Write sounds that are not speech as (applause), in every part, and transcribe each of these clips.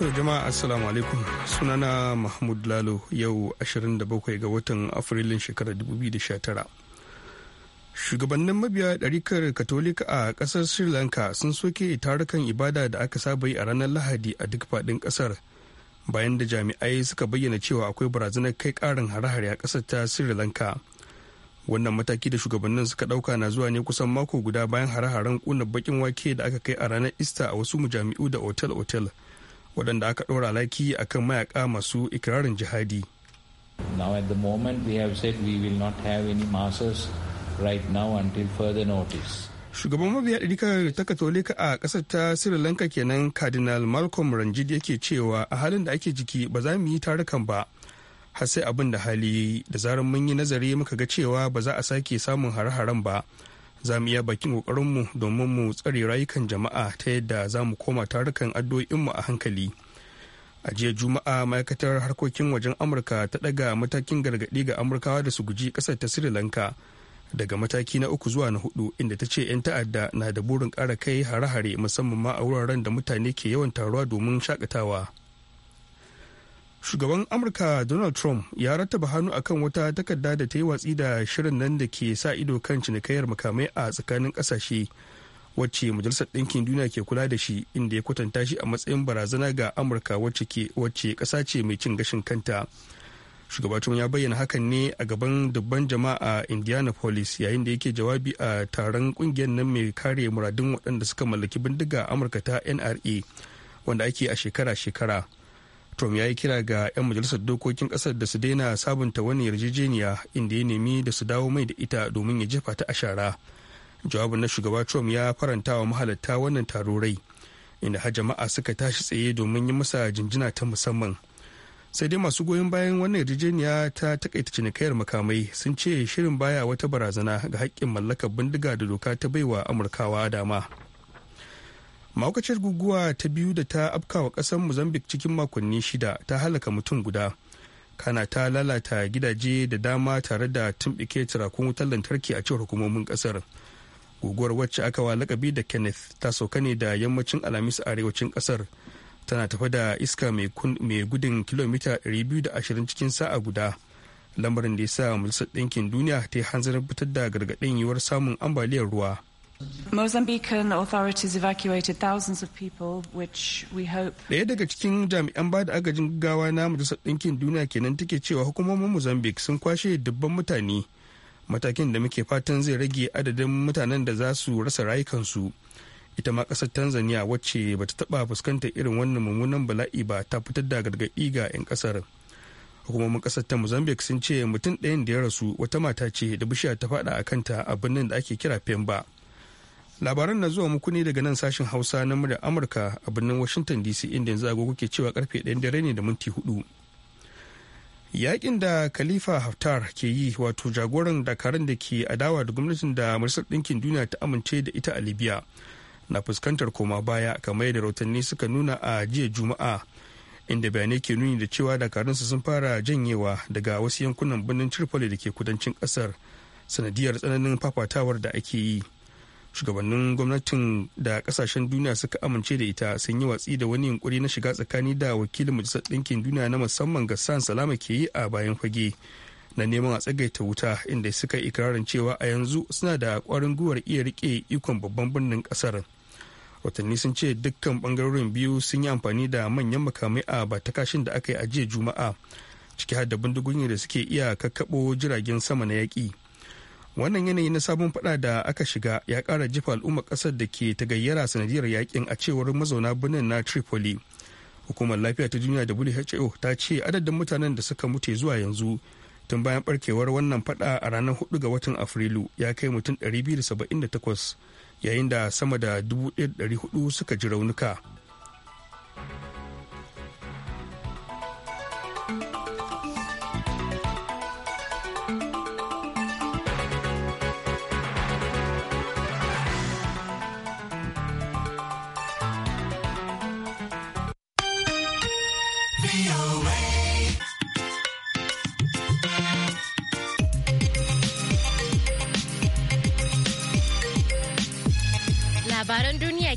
To jama'a assalamu alaikum sunana Mahmud Lalo yau 27 ga watan Afrilun shekarar 2019. Shugabannin mabiya ɗarikar Katolika a ƙasar Sri Lanka sun soke tarukan ibada da aka saba yi a ranar Lahadi a duk faɗin ƙasar bayan da jami'ai suka bayyana cewa akwai barazanar kai ƙarin hare-hare a ƙasar ta Sri Lanka. Wannan mataki da shugabannin suka ɗauka na zuwa ne kusan mako guda bayan hare-haren ƙunar baƙin wake da aka kai a ranar Ista a wasu mujami'u da otel-otel. otal otel waɗanda aka ɗora laki akan kan mayaƙa masu ikirarin jihadi. Now at the moment we have said we will not have any masses right now until further notice. Shugaban mabiya ɗirikar ta Katolika a ƙasar ta Sri Lanka kenan Cardinal Malcolm Ranjid yake cewa a halin da ake jiki ba za mu yi tarukan ba. Har sai abin da hali da zarar mun yi nazari muka ga cewa ba za a sake samun hare-haren ba. za mu iya bakin ƙoƙarinmu domin mu tsare rayukan jama'a ta yadda za mu koma tarukan addu'o'inmu a hankali a jiya juma'a ma'aikatar harkokin wajen amurka ta ɗaga matakin gargaɗi ga amurkawa da su guji ƙasar ta sri lanka daga mataki na uku zuwa na hudu inda ta ce 'yan ta'adda na da burin ƙara kai hare-hare musamman ma a wuraren da mutane ke yawan taruwa domin shakatawa shugaban amurka donald trump ya rattaba hannu akan wata takarda da ta yi watsi da shirin nan da ke sa ido kan cinikayyar makamai a tsakanin kasashe wacce majalisar ɗinkin duniya ke kula da shi inda ya kwatanta shi a matsayin barazana ga amurka wacce kasa ce mai cin gashin kanta shugabacin ya bayyana hakan ne a gaban dubban jama'a indianapolis yayin da yake jawabi a taron kungiyar nan mai kare muradun waɗanda suka mallaki bindiga amurka ta nra wanda ake a shekara-shekara Trump ya yi kira ga 'yan majalisar dokokin kasar da su daina sabunta wani yarjejeniya inda ya nemi da su dawo mai da ita domin ya jefa ta a shara. Jawabin na shugaba Trump ya faranta wa mahalarta wannan taro rai inda har jama'a suka tashi tsaye domin yi masa jinjina ta musamman. Sai dai masu goyon bayan wannan yarjejeniya ta takaita cinikayar makamai sun ce shirin baya wata barazana ga haƙƙin mallakar bindiga da doka ta baiwa Amurkawa dama. maukacin guguwa ta biyu da ta afkawa ƙasar mozambique cikin makonni shida ta halaka mutum guda kana ta lalata gidaje da dama tare da tumbike turakun wutar lantarki a cikin hukumomin ƙasar guguwar wacce aka wa lakabi da kenneth ta sauka ne da yammacin alhamis a arewacin ƙasar tana tafa da iska mai gudun kilomita 220 cikin sa'a guda lamarin da ya sa majalisar ɗinkin duniya ta yi hanzarin fitar da gargaɗin yiwuwar samun ambaliyar ruwa thousands of we Daya daga cikin jami'an ba da agajin gaggawa na Majalisar Ɗinkin Duniya kenan take cewa hukumomin Mozambique sun kwashe dubban mutane matakin da muke fatan zai rage adadin mutanen da za su rasa rayukansu. Ita ma ƙasar Tanzania wacce ba ta taɓa fuskantar irin wannan mummunan bala'i ba ta fitar da gargaɗi ga 'yan ƙasar. hukumomin kasar ta mozambique sun ce mutum ɗayan da ya rasu wata mata ce da bishiya ta faɗa a kanta a birnin da ake kira pemba labaran na zuwa muku ne daga nan sashen hausa na murya amurka a birnin washington dc inda yanzu agogo ke cewa karfe 1 dare ne da minti hudu yakin da khalifa haftar ke yi wato jagoran dakarun da ke adawa da gwamnatin da majalisar ɗinkin duniya ta amince da ita a libya na fuskantar koma baya kamar yadda rahotanni suka nuna a jiya juma'a inda bayanai ke nuni da cewa dakarunsu sun fara janyewa daga wasu yankunan birnin tripoli da ke kudancin kasar sanadiyar tsananin fafatawar da ake yi shugabannin gwamnatin da kasashen duniya suka amince da ita sun yi watsi da wani yunkuri na shiga tsakani da wakilin majalisar ɗinkin duniya na musamman ga san salama ke yi a bayan fage na neman a tsagaita wuta inda suka yi ikirarin cewa a yanzu suna da kwarin gwiwar iya rike ikon babban birnin kasar watanni sun ce dukkan bangarorin biyu sun yi amfani da manyan makamai a batakashin da aka yi a jiya juma'a ciki har da bindigogi da suke iya kakkaɓo jiragen sama na yaƙi wannan yanayi na sabon fada da aka shiga ya kara jifa al'ummar kasar da ke ta gayyara sanadiyar yakin a cewar mazauna birnin na tripoli hukumar lafiya ta duniya who ta ce adadin mutanen da suka mutu zuwa yanzu tun bayan barkewar wannan fada a ranar 4 ga watan afrilu ya kai mutum 278 yayin da sama da 1400 suka ji raunuka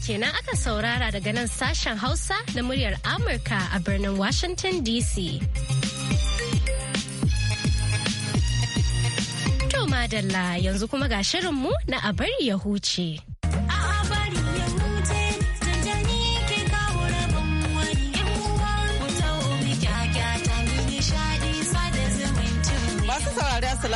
kenan aka saurara daga nan sashen Hausa na muryar Amurka a birnin Washington DC. To madalla yanzu kuma ga shirinmu na abar bari ya huce.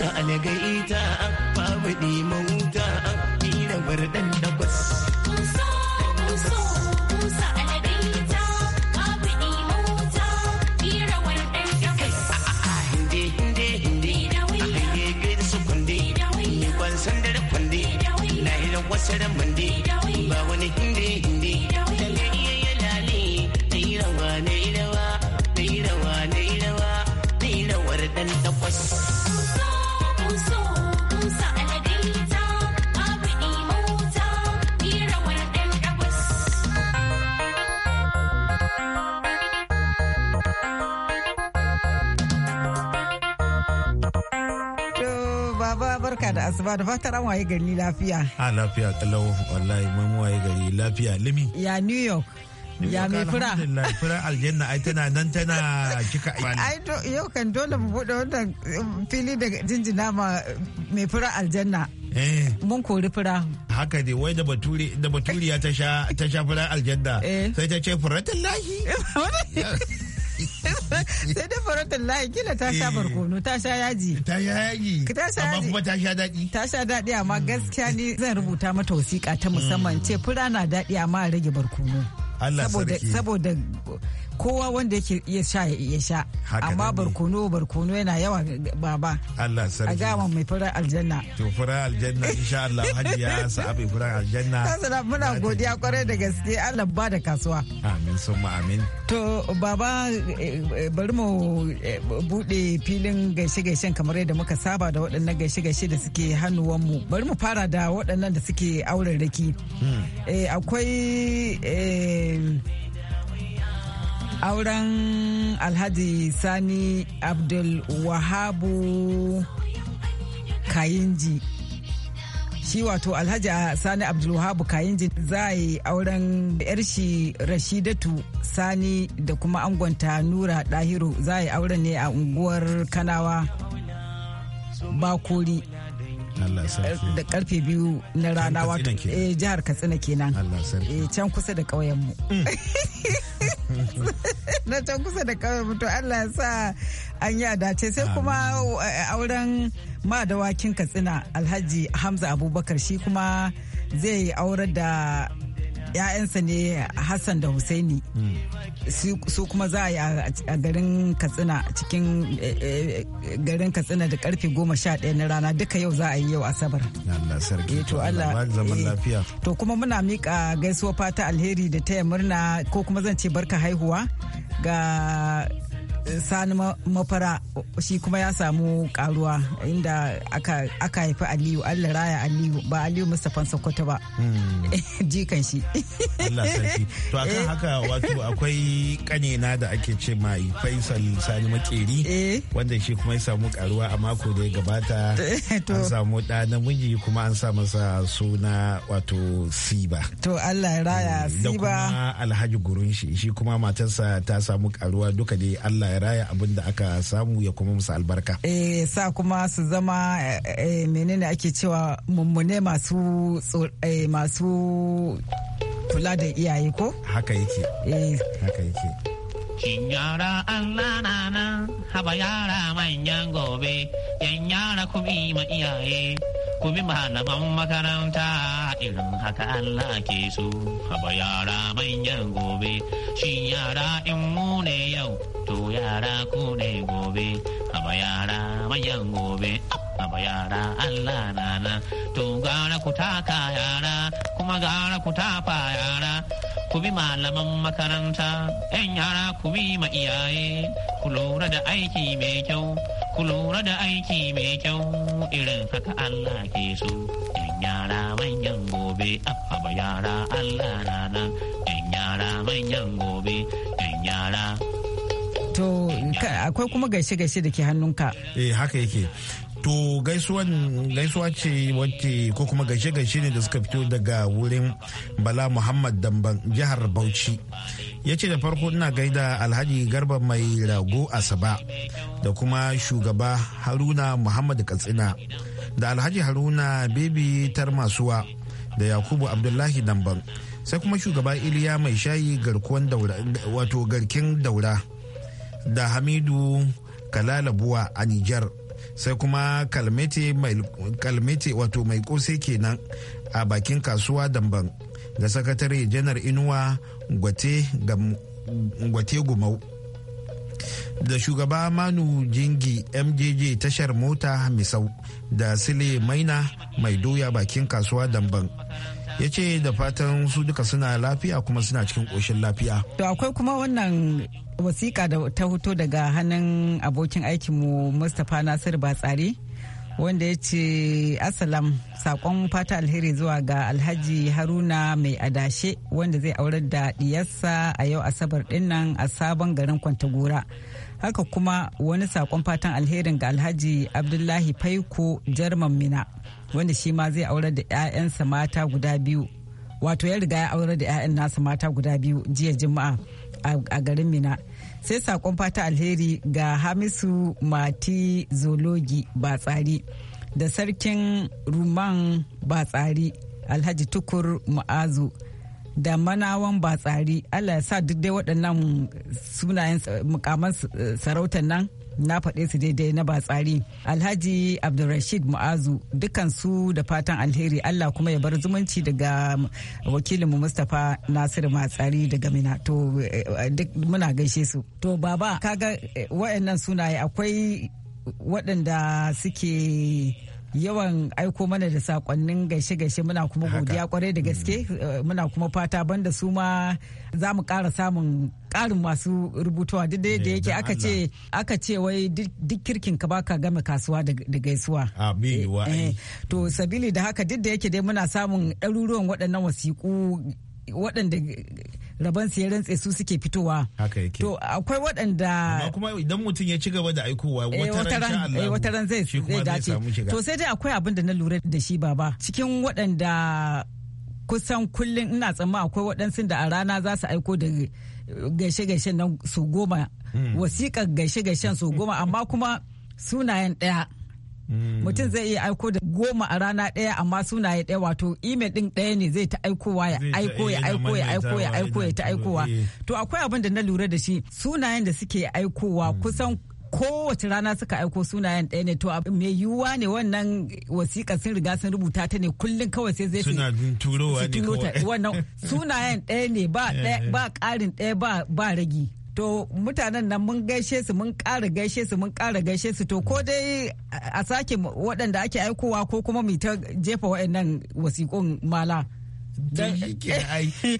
sa'algai ita a faɗi mauta a bar ɗan asuba da fatar an waye gari lafiya. A lafiya kalau wallahi mun waye gari lafiya limi. Ya New York. ya mai fura fura aljanna ai tana nan tana kika (laughs) ai yau kan dole mu bude wannan um, fili da jinjina ma um, mai fura aljanna eh. mun kori fura haka dai wai da baturi da baturiya ta sha ta sha fura aljanna eh. sai ta ce furatallahi (laughs) (laughs) sai dai farautar layi kila ta sha eh. barkono ta sha yaji ta sha yaji ta sha yaji kuma ta sha daɗi ta sha daɗi amma gaskiya ni zan rubuta mata wasiƙa ta musamman mm. ce fura na daɗi amma rage barkono Allah sarki saboda kowa wanda yake iya sha ya iya sha amma barkono barkono yana yawa baba Allah sarki a gama mai fara aljanna to fara aljanna insha Allah hajiya sa abin fara aljanna sana muna godiya kwarai da gaske Allah ba da kasuwa amin summa amin to baba eh, eh, bari mu eh, bude filin gaishe gaishen kamar yadda muka saba da waɗannan gaishe gaishe da suke hannuwan mu bari mu fara da waɗannan da suke auren raki hmm. akwai auren alhaji sani abdul wahabu kayinji shi wato alhaji sani Abdul Wahabu kayinji za yi auren yar shi rashidatu sani da kuma angonta nura dahiru za a yi auren ne a unguwar kanawa bakori da karfe biyu na rana wato eh, jihar katsina kenan eh, can kusa da mu. Mm. (laughs) na can kusa da mu. to allah ya sa an yi dace sai kuma eh, auren ma da wakin katsina alhaji hamza abubakar shi kuma zai aurar da 'ya'yansa ne hassan da husaini su kuma za a yi a garin katsina cikin eh, eh, garin katsina da karfe goma sha ɗaya na rana duka yau za a yi yau asabar to kuma muna mika gaisuwa fata alheri da taya murna ko kuma zan ce barka haihuwa ga sani mafara shi kuma ya samu karuwa inda aka haifi aliyu allah raya aliyu ba aliyu mustapha sokoto ba hmm. (laughs) jikan shi to eh. haka wato akwai kanena da ake ce mai faisal sani makeri eh. wanda shi kuma ya samu karuwa a mako da ya gabata (laughs) an samu da namiji kuma an sa masa suna wato siba to allah raya eh, siba da kuma alhaji gurun shi shi kuma matarsa ta samu karuwa duka dai allah ya raya abin da aka samu ya kuma musu albarka eh sa kuma su zama eh, menene ake cewa mummune masu eh, masu kula da iyaye ko haka yake eh haka yake Kin yara Allah na nan haba yara manyan gobe, yan yara ku ma iyaye, ku bi malaman makaranta. irin haka Allah ke so haba yara manyan gobe shi yara in mu ne yau to yara ku ne gobe haba yara manyan gobe haba yara Allah nana to gara ku taka yara kuma gara ku tafa yara ku bi malaman makaranta 'yan yara ku bi ma iyaye ku lura da aiki mai kyau ku lura da aiki mai kyau irin haka Allah ke so. yara manyan gobe abba yara Allah na yan yara manyan gobe yan yara to akwai kuma gaishe-gaishe da ke hannunka eh haka yake to gaisuwan gaisuwa ce wacce ko kuma gaishe-gaishe ne da suka fito daga wurin bala muhammad damban jihar bauchi ya ce da farko ina gaida alhaji garba mai rago asaba da kuma shugaba haruna muhammad katsina da alhaji haruna bebi masuwa da yakubu abdullahi damban sai kuma shugaba iliya mai shayi garkuwan daura wato garkin daura da hamidu kalalabuwa a nijar sai kuma kalmete wato mai kose kenan a bakin kasuwa damban da sakatare janar inuwa gwate gumau da shugaba manu jingi mjj tashar mota misau da sile maina mai doya bakin kasuwa damban ya ce da fatan su duka suna lafiya kuma suna cikin ƙoshin lafiya to akwai kuma wannan wasiƙa da ta hoto daga hannun abokin aikinmu mustapha nasir batsari wanda ya ce asalam sakon fata alheri zuwa ga alhaji haruna mai adashe wanda zai aurar da diyarsa a yau asabar dinnan a sabon garin kwantagora haka kuma wani sakon fatan alherin ga alhaji abdullahi faiko jarman mina wanda shi ma zai aurar da 'ya'yansa mata guda biyu wato ya riga ya aurar da 'ya'yan nasa mata guda biyu jiya juma'a a garin mina sai sakon fata alheri ga hamisu mati zologi batsari da sarkin ruman batsari alhaji tukur ma'azu da manawan batsari allah ya sa duk dai waɗannan sunayen mukaman sarautar nan na faɗe su daidai na batsari alhaji abdulrashid mu'azu su da fatan alheri allah kuma ya bar zumunci daga wakilinmu mustapha nasiru matsari daga mina to eh, duk muna gaishe su to baba kaga eh, wa'annan sunaye akwai waɗanda suke yawan aiko mana da sakonnin gaishe-gaishe muna kuma godiya kwarai da gaske mm. eh, muna kuma fata banda su ma za mu kara samun karin masu rubutuwa duk da eh, yake aka ce aka ce wai duk kirkin ka baka game kasuwa da gaisuwa eh, to sabili da haka duk da yake dai muna samun ɗaruruwan waɗannan wasiƙu waɗanda rabon su ya rantse su suke fitowa. Haka yake. To akwai waɗanda. Amma kuma idan mutum ya ci gaba da aikowa eh, eh, wata ran zai dace. To sai dai akwai abin da na lura da shi baba. Cikin waɗanda kusan kullum ina tsamma akwai waɗansu da a rana za su aiko da gaishe-gaishen nan su goma. Hmm. Wasiƙar gaishe-gaishen su goma amma kuma sunayen ɗaya. Mm. mutum zai iya aiko da goma a rana ɗaya amma sunaye ɗaya wato email ɗin ɗaya ne zai ta aikowa ya aiko ya aiko ya aiko ya aiko ya ta aikowa eh. to akwai abin da na lura da shi sunayen da suke aikowa mm. kusan kowace rana suka aiko sunayen ɗaya ne to mai yiwuwa ne wannan wasiƙa sun riga sun rubuta ta ne kullum kawai sai zai suna turowa ne wannan sunayen ɗaya ne ba (laughs) eh, eh. ƙarin ɗaya ba ragi to mutanen nan mun gaishe su mun ƙara gaishe su mun ƙara gaishe su to ko dai a sake waɗanda ake aikowa ko kuma mu ta jefa waɗannan wasiƙun mala. (laughs)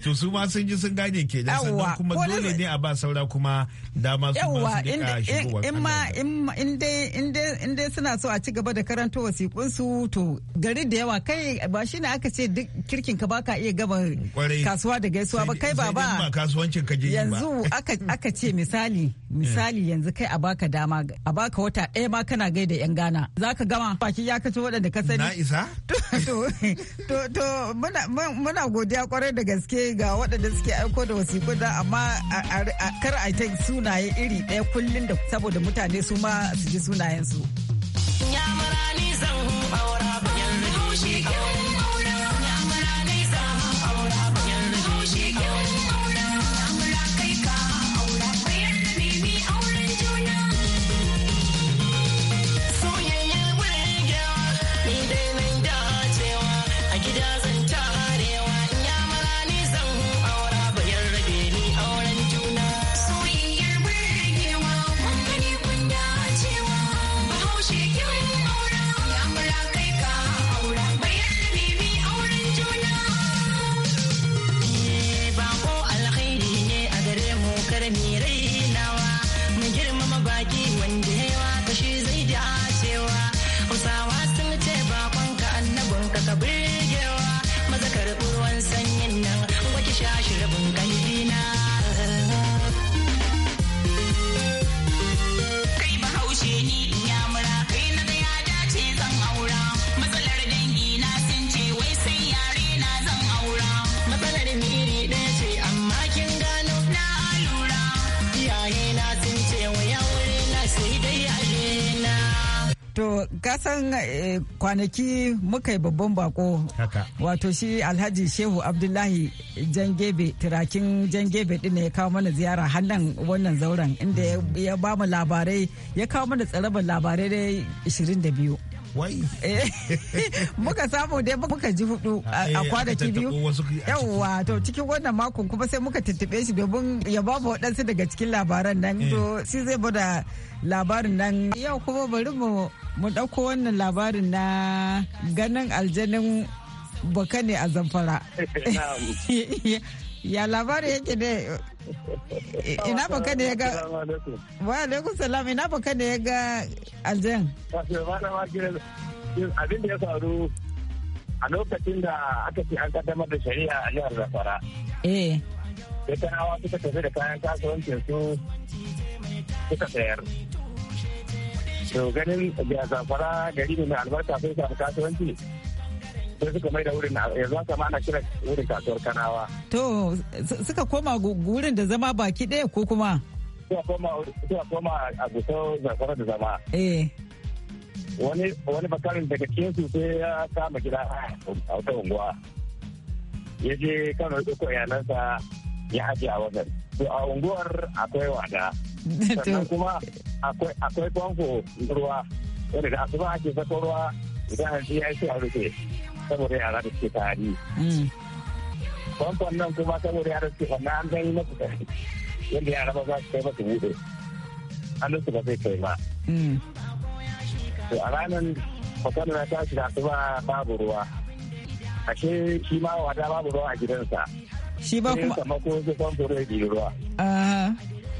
to su ma sun ji sun gane ke da sannan kuma dole ne a ba saura kuma dama su ma su ka shigowar in in dai suna so a ci gaba da karanto wasiƙun su to gari da yawa kai ba shine aka ce duk kirkin ka baka iya gaba kasuwa da gaisuwa ba kai ba ba yanzu aka ce misali misali yanzu kai a baka dama a baka wata ɗaya ma kana gai da yan za ka gama baki ya kace waɗanda ka sani na isa to to muna godiya kwarai da gaske ga waɗanda suke aiko da wasiƙu da amma kar a ta sunaye iri ɗaya kullun da saboda mutane su ma su ji sunayen su ya marani zan kasan eh, kwanaki muka yi babban bako wato shi alhaji shehu abdullahi jangebe turakin jangebe din ya kawo mana ziyara hannun wannan zauren inda ya ba mu labarai ya kawo mana tsarabar labarai dai 22 eh, (laughs) muka samu dai muka ji hudu a eh, kwanaki biyu yawwa to cikin wannan makon kuma sai muka tuntube shi domin ya ba mu waɗansu daga cikin labaran nan to shi zai bada labarin nan yau kuma bari mu mu ɗauko wannan labarin na ganin aljanin baka ne a zamfara (laughs) ya labari yake ne ina baka ne ya ga wa alaikum salam ina baka ne ya ga aljan abin da ya faru a lokacin da aka ce an kaddamar da shari'a a jihar zamfara eh sai kanawa suka tafi da kayan kasuwancin su suka sayar to ganin da zafara gari ne mai albarka sun samu kasuwanci sai suka mai da wurin yanzu haka ma ana kira wurin kasuwar kanawa. To suka koma wurin da zama baki ɗaya ko kuma? Suka koma a gusa zafara da zama. Eh. Wani wani bakarin daga kesu sai ya kama gida a wata unguwa. Ya je kano ya ɗauko iyalansa ya ajiye a wajen. to a unguwar akwai wada (laughs) sannan kuma akwai kwanko ruwa wanda da asuba ake sako ruwa idan an ya shi a rufe saboda yara da suke tari famfon mm. nan kuma saboda yara suke fanna an gani masu tari yadda yara ba za su kai masu buɗe hannunsu ba zai kai ba mm. to a ranar kwakwalwa na tashi da asuba babu ruwa ashe shi ma wada babu ruwa a gidansa shi ba kuma kuma ko zo famfo da ɗibi ruwa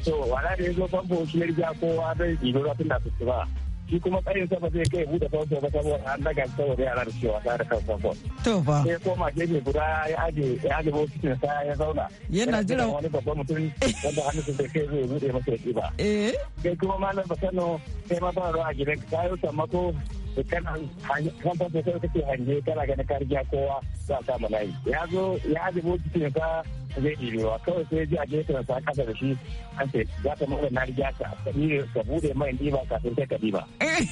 so wala da zo famfo shi ya riga kowa zai ɗibi ruwa tun da su ba shi kuma karin sa ba zai kai buɗe famfo ba saboda an daga saboda yara da cewa ta da kan famfo. To ba. Sai koma gefe guda ya aje ya aje bokitin sa ya zauna. Yana jira wani babban mutum wanda hannu sun kai zai buɗe masa ya ba. Eh. Sai kuma malam sanu sai ma ba ruwa a gidan ka kayo sammako kana kan fasa sai kake hange kana ganin kargiya kowa za a samu layi ya zo ya aje bokiti ne ka zai ɗirewa kawai sai ji a gefen sa kasa da shi an ce za ta mara na riga ka ka bude mai ɗiba kafin ka ɗiba. Eh,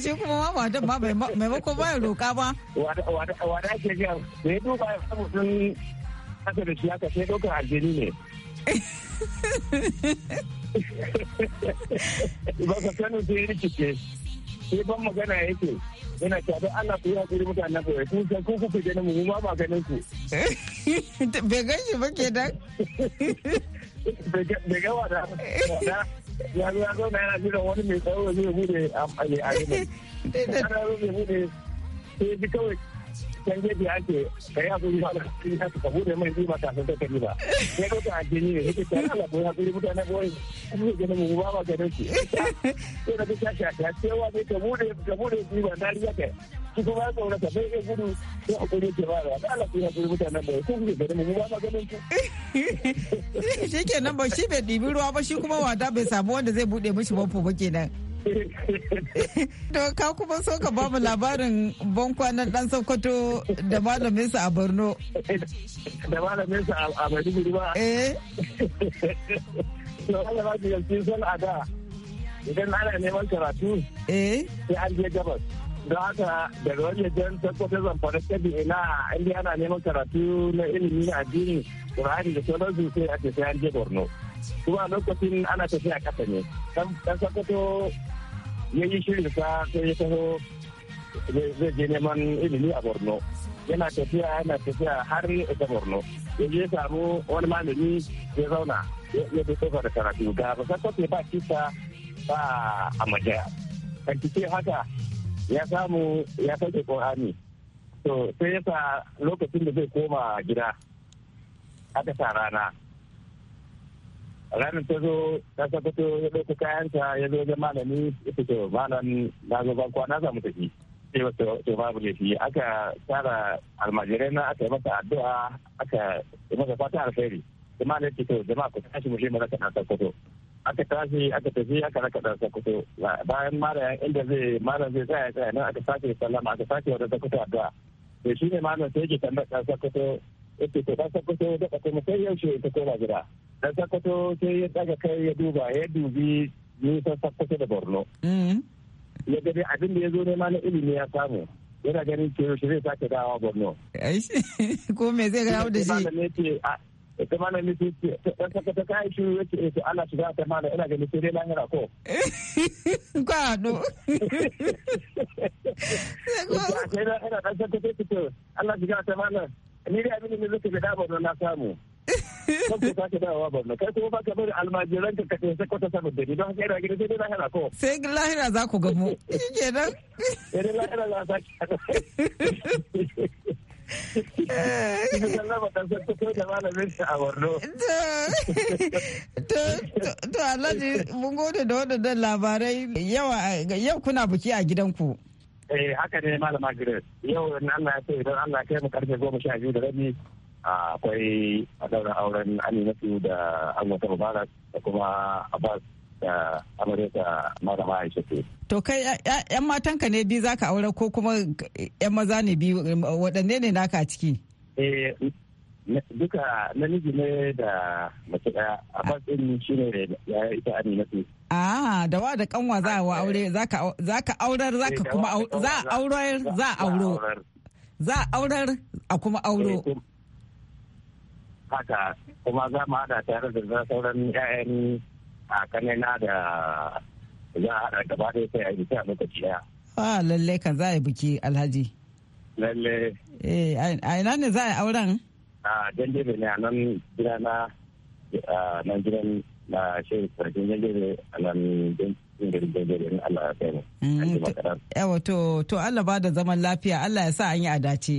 shi (laughs) kuma ma wadan ma maimako ba ya roƙa ba. wada ake jiya da ya duba ya samu sun kasa da shi haka sai ɗaukar aljini ne. (laughs) ba ka sanin sai rikice. sai ban magana yake yana cewa don Allah ku yi hakuri mutanen ku na san ku ku fita mu ma ba ganin ku eh? (laughs) bai gan shi ba ke dan bai ga wada ya zo ya zo na yana jiran wani mai tsaro zai bude a yi a yi ne sai ji kawai can gefe ake ka hakuri ba da hakuri ka bude mai zima ta ta ba sai ka ta ne ta ko hakuri mutane mu ba ba shi da ta ne ta bude ta bude na riya ka ki gudu ko hakuri ke ba da ko hakuri mutane mu ba ba shi (laughs) ba shi bai dibi ruwa ba shi kuma wada bai samu wanda zai bude mishi bamfo ba kenan To ka kuma so ka bamu labarin bankwanan dan Sokoto da malamin sa a Borno. Da malamin sa a Maiduguri ba. Eh. To Allah ba ki yanzu sun ada. Idan ana neman karatu. Eh. Sai an je gabas. Don haka daga wani jan Sokoto zan fara tabi ina inda ana neman karatu na ilimi na addini. Qur'ani da sauransu sai a tafiya an je Borno. Kuma lokacin ana tafiya kasa ne. Dan Sokoto ya yi shirin sa sai ya taho zai je neman ilimi a borno yana tafiya yana tafiya har ita borno ya je samu wani malami ya zauna ya fi tsofa da karatu ga ba sa ba kisa ba a majaya kan haka ya samu ya sauke ƙorani to sai yasa lokacin da zai koma gida aka sa rana ranar ta zo ta sabato ya ɗauki kayanta ya zo wajen malami ya fito malam na zo bankuwa na samu tafi sai wata to babu laifi aka tara almajirai na aka yi masa addu'a aka yi masa fata alkhairi kuma ne ya ce to jama'a ku tashi mu shi mu raka na sakkwato aka tashi aka tafi aka raka ɗan sakkwato bayan malam inda zai malam zai tsaya tsaya nan aka sake sallama aka sake wata sakkwato addu'a to shi ne malam sai yake tambayar ɗan sakkwato ya ce to ɗan sakkwato da ka kuma sai yaushe ta koma gida na sakwato sai ya daga kai ya duba ya dubi nisan sakwato da borno mm-hmm. ya gani abin da ya zo nema na ilimi ya samu yana ganin ke shi zai sake dawa borno (laughs) ko me zai gawo da shi ita mana ɗan ta kayan shi ya ce eh, to shiga ta mana ina ganin sai dai lahira ko. (laughs) Kwa haɗu. (laughs) Ina ɗan saka ta ce Allah shiga ta mana ni da abin da zai ke da na samu. ba sai da lahira ko za ku gamu eh. To Alhaji mun gode da waɗannan yau kuna buki a gidanku. Eh haka ne malama Grace yau in Allah ya so idan Allah ya kai mu karfe goma sha biyu da rabi akwai a daura auren aminatu da amurka mubarak da kuma abbas da amurka malama aisha ke to kai yan ka ne biyu za ka aure ko kuma yan maza ne biyu waɗanne ne naka a ciki eh duka namiji ne da mace daya abbas din shi ne ya yi ita aminatu Ah, da wa da kanwa za a aure za ka aurar za ka eh, kuma za a aurar za a aurar a kuma auro eh, haka kuma za mu haɗa tare da sauran 'ya'yan a kanina da za a hada gaba da sai a yi ta lokaci ɗaya. Ah lalle kan za a yi biki alhaji. Lalle. Eh a ina ne za a yi auren? A janjebe ne a nan gida na nan gina na shehu sarkin janjebe a nan garin janjebe a Allah ya kai mu. Mm, yawa to Allah ba da zaman lafiya Allah ya sa an yi a dace.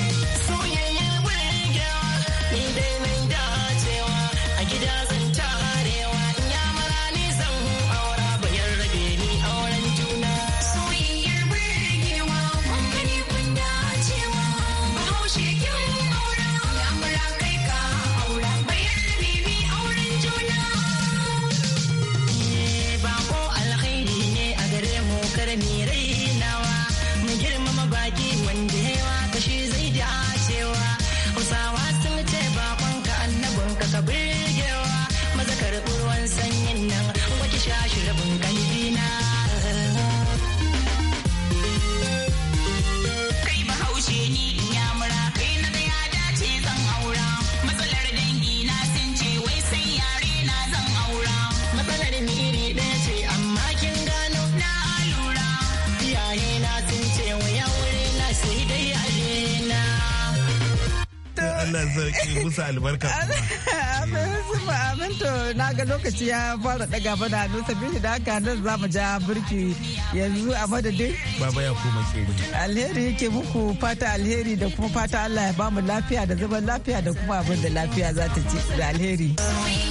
Allah sarki musa albarka (laughs) Amin to na ga lokaci ya fara daga mana da sabili da haka nan za mu ja burki yanzu a madadin. Baba ya kuma Alheri yake muku fata alheri da kuma fata Allah ya bamu lafiya da zaman lafiya da kuma abin da lafiya za ta ci da alheri.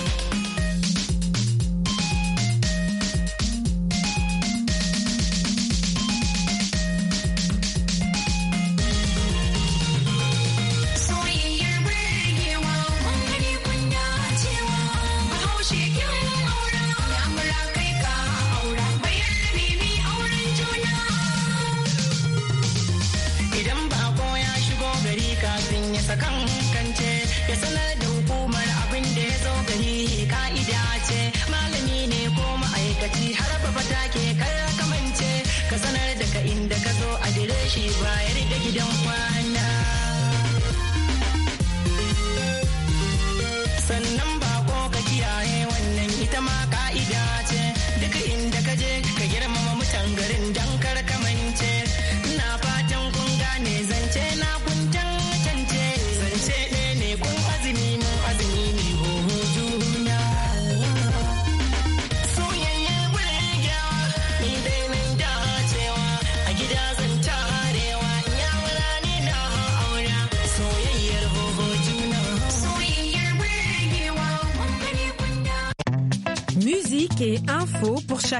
bisa kan kance ya sanar da